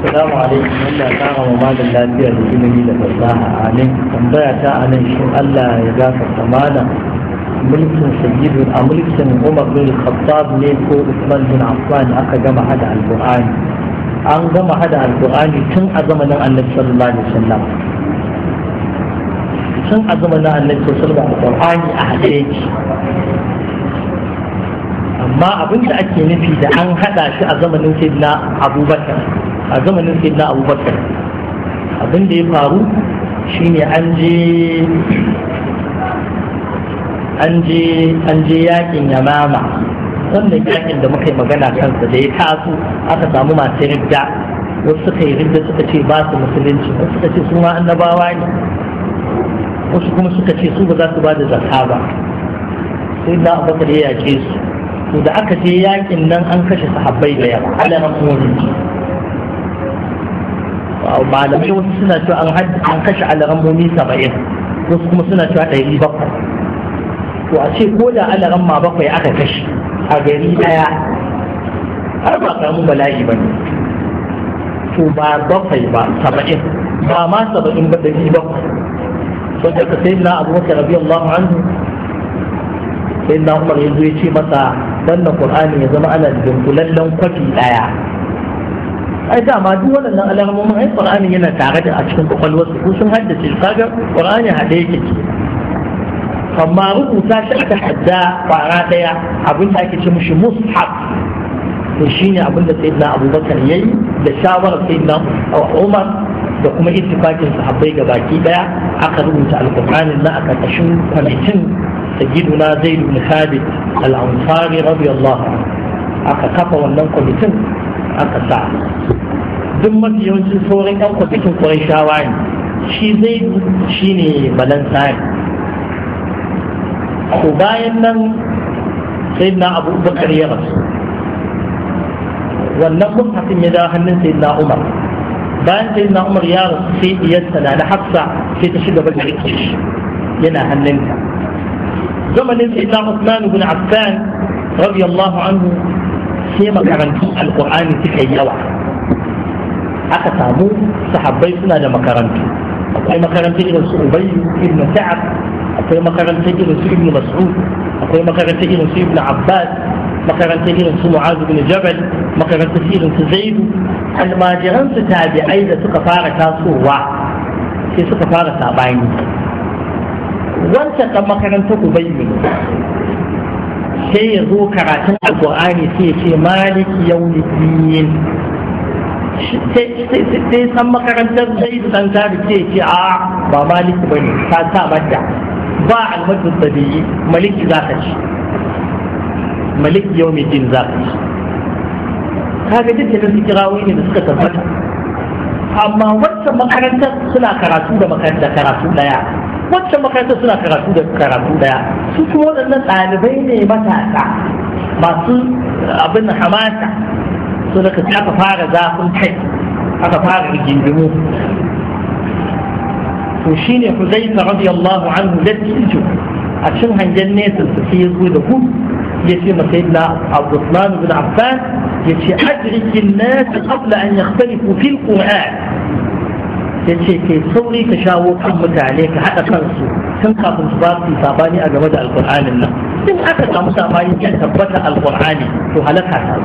Assalamu alaikum Allah ya kara wa malam lafiya da ilimi da fasaha amin tambaya ta anan shin Allah ya gafarta malam mulkin sayyidu a mulkin Umar bin Khattab ne ko Usman bin Affan aka gama hada alqur'ani an gama hada alqur'ani tun a zamanin Annabi sallallahu tun a zamanin Annabi amma abin da ake nufi da an hada shi a zamanin sayyidina Abubakar a zamanin sayyidina abubakar abin da ya faru shine an je an je an je yakin yamama wannan yakin da muka yi magana kansa da ya taso aka samu masu ridda wasu suka yi ridda suka ce ba su musulunci wasu suka ce su ma annabawa ne wasu kuma suka ce su ba za su ba da zaka ba sai da abubakar ya yake su to da aka je yakin nan an kashe sahabbai da yawa alaman mu'minin malamai wasu suna cewa an kashe alarammomi saba'in wasu kuma suna cewa ɗari bakwai to a ce ko da ma bakwai aka kashe a gari ɗaya har ba samu bala'i ba ne to ba bakwai ba saba'in ba ma saba'in ba ɗari bakwai wanda ka sai na abubakar rabi Allah anhu sai na umar ya zo ya ce masa wannan qur'ani ya zama ana dunkulallen kwafi ɗaya ai dama duk waɗannan alamomin ai qur'ani yana tare da a cikin kwakwalwar su ko sun haddace shi kaga qur'ani hade yake amma rubuta shi aka hadda kwara daya abin da ake ce mushi mushaf to shine abin da sayyidina abubakar yayi da shawarar sayyidina umar da kuma ittifaqin sahabbai ga baki daya aka rubuta alqur'ani na a karkashin kwamitin sayyiduna zaid bin thabit al-ansari radiyallahu anhu aka kafa wannan kwamitin aka sa duk mafi yawancin sauran yan kwatakin kwarai shawa ne shi zai shi ne balansari ko bayan nan sai na abu bakar ya rasu wannan mushafin ya da hannun sai na umar bayan sai na umar ya rasu sai diyarsa na da hafsa sai ta shiga bakar shi yana hannunta zamanin sai na usman ibn affan radiyallahu anhu sai makarantu alkur'ani suka yi yawa aka samu sahabbai suna da makarantu akwai makarantar irin su ubayyu ibn sa'ad akwai makarantar irin su ibn mas'ud akwai makarantar irin su ibn abbas makarantar irin su mu'azu bin jabal makarantar irin su zaidu almajiran su tabi'ai da suka fara tasowa sai suka fara sabani wancan dan makarantar ubayyu sai ya zo karatun alkur'ani sai ya ce maliki biyun. sai san makarantar zai san ta ce ce a ba maliki ba ne ta sa madda ba almadu tabi'i maliki za ka ci maliki yau mai jin za ka ci kaga duk da su kira ne da suka tabbata amma wacce makarantar suna karatu da makarantar karatu daya wacce makarantar suna karatu da karatu daya su kuma waɗannan ɗalibai ne matasa masu abin hamasa so daga aka fara zafin kai aka fara rigingimu to shi ne ku zai ta rabi Allahu anhu dattijo a cin hangen nesa su sai ya zo da ku ya ce masa yi na Abdulrahman bin Affan ya ce ajirikin nasa qabla an yakhtalifu fil Qur'an ya ce kai sauri ka shawo kan mutane ka haɗa kansu tun kafin su ba su sabani a game da alƙur'anin nan in aka samu sabani kan tabbata alƙur'ani to halaka ta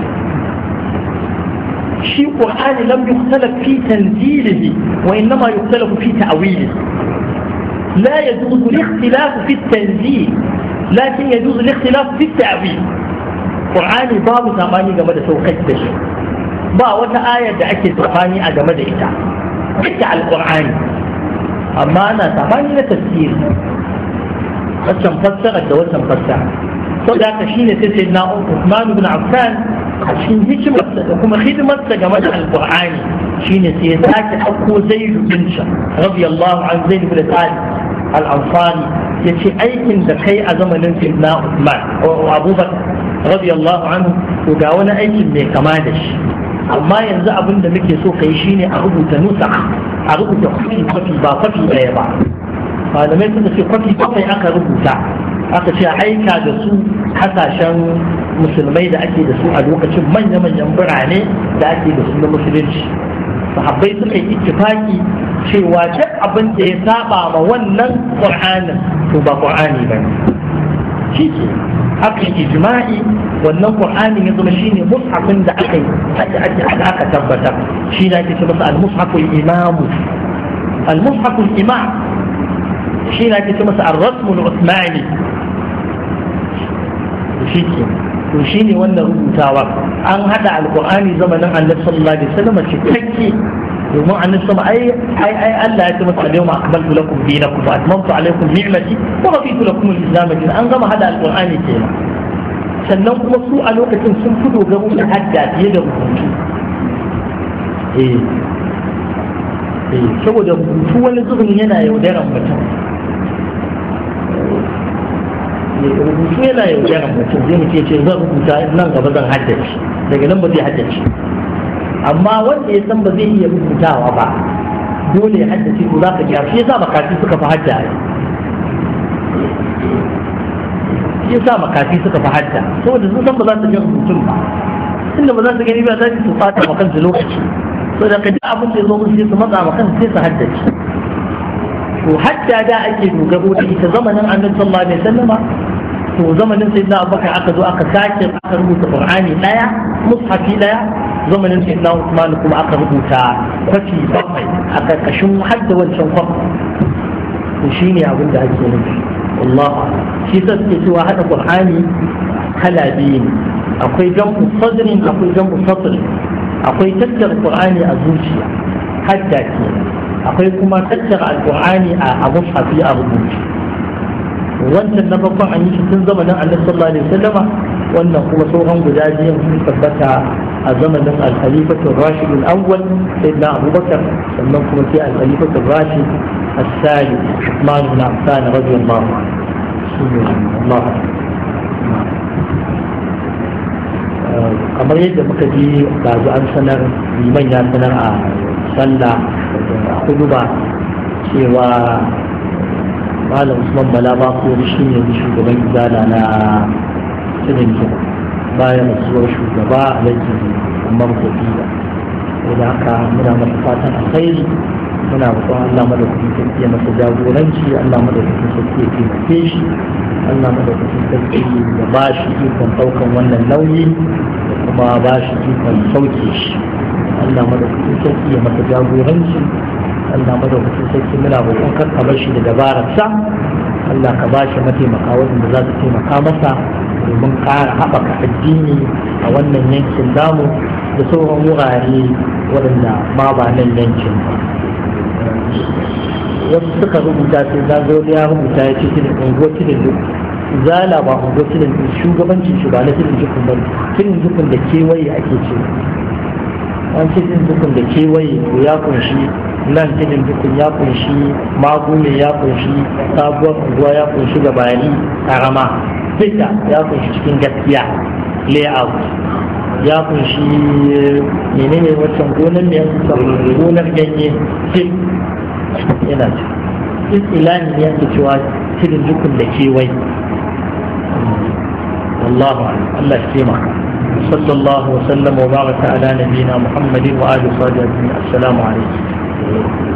shi ƙur'ani lam yuktalaf fi tanzilihi wa innama yuktalaf fi ta'wilihi لا يجوز الاختلاف في التنزيل لكن يجوز الاختلاف في التعويل قرآن باب ثمانية جمد سوقت بشي ba wata ayar da ake tsakani a game da ita بتاع القرآن أما أنا تعبان إلى تفسير بس مفسر انت دوت مفسر صدع تشين سيدنا عثمان بن عفان عشان هيك مفسر وكما خيد مفسر جمال القرآن شين سيساك أكو زيد بن رضي الله عن زيد بن سعد الأنصاري يشي أيكن دقيء زمن سيدنا عثمان وأبو بكر رضي الله عنه وداونا اي أيكن بكمالش amma yanzu abin da muke so kai shine a rubuta nusa a rubuta kwafi kwafi ba kwafi ɗaya ba malamai suka ce kwafi kwafi aka rubuta aka ce aika da su hasashen musulmai da ake da su a lokacin manya-manyan birane da ake da su na musulunci sahabbai suka yi ittifaki cewa duk abin da ya saba ma wannan qur'anin to ba qur'ani ba ne shi ke aka ijma'i wannan qur'ani ya zama shine mushafin da aka yi aka tabbata shi ne ake ce masa al-mushafu al-imam al-mushafu al-imam shi ne ake ce masa ar-rasm al usmani shi ke to shi ne wannan rubutawa an hada al-qur'ani zamanin annabi sallallahu alaihi wasallam ce take domin annabi sama ai ai ai Allah ya ce masa al-yawma akmaltu lakum dinakum wa atmamtu alaykum ni'mati wa rafitu lakum al-islam an gama hada al-qur'ani kenan sannan kuma su a lokacin sun fi dogaro da hadda fiye da rubutu eh eh saboda rubutu wani zubin yana yaudaran mutum eh, rubutu yana yaudaran mutum zai mutum ce zan rubuta nan gaba zan haddace daga nan ba zai haddace amma wanda ya san ba zai iya rubutawa ba dole ya ce ko za ka gyara shi yasa kafi suka fi haddace shi sa makafi suka fi hadda saboda sun san ba za su ga mutum ba inda ba za su gani ba za su fata ma kansu lokaci so da kaji abin da ya zo musu su matsa ma kansu sai su haddace to hadda da ake dogaro da ita zamanin annabi sallallahu alaihi wasallama to zamanin sayyidina abubakar aka zo aka sake aka rubuta qur'ani daya mushafi daya zamanin sayyidina usman kuma aka rubuta kwafi bakwai a karkashin hadda wancan kwafi to shine abin da ake nufi wallahu shi sa suke cewa hada qur'ani kala biyu ne akwai jam'u sadrin akwai jam'u satr akwai tattar qur'ani a zuciya hadda ke akwai kuma tattar alqur'ani a abu a rubuce wancan na farkon an yi shi tun zamanin annabi sallallahu alaihi wasallama wannan kuma sauran guda biyan sun tabbata a zamanin al-khalifatu rashid al-awwal sayyidina abubakar sannan kuma sai al-khalifatu rashid الثالث عثمان بن عفان رضي الله عنه kamar yadda muka ji ɗazu an sanar liman ya sanar a sallah a huduba cewa malam usman bala ba ko shi ne shugaban izala na tudun bayan rasuwar shugaba a lajin umar da haka muna masa fatan alkhairi muna roƙon Allah madaukakin sarki ya masa jagoranci Allah madaukakin sarki ya taimake shi Allah madaukakin sarki ya ba shi ikon ɗaukan wannan nauyi da kuma ba shi ikon sauke shi Allah madaukakin sarki ya masa jagoranci Allah madaukakin sarki muna roƙon kar ka bar shi da dabararsa Allah ka ba shi mataimaka waɗanda za su taimaka masa domin ƙara haɓaka addini a wannan yankin namu da sauran wurare waɗanda ma ba nan yankin ba. wasu suka rubuta sai zagoro ya rubuta ya ce tilin unguwar tilin duk zala ba unguwar tilin duk shugabancin shi ba na tilin dukun ba tilin dukun da kewaye ake ce an ce tilin dukun da kewaye to ya kunshi nan tilin dukun ya kunshi magume ya kunshi sabuwar unguwa ya kunshi gabani karama fita ya kunshi cikin gaskiya layout ya kunshi eh, menene wancan gonar ne gonar ganye yana ci istilani ya ke cewa tilin da kewai wallahu Allah Sallallahu taimaka صلى الله وسلم وبارك على نبينا محمد وآله وصحبه أجمعين السلام عليكم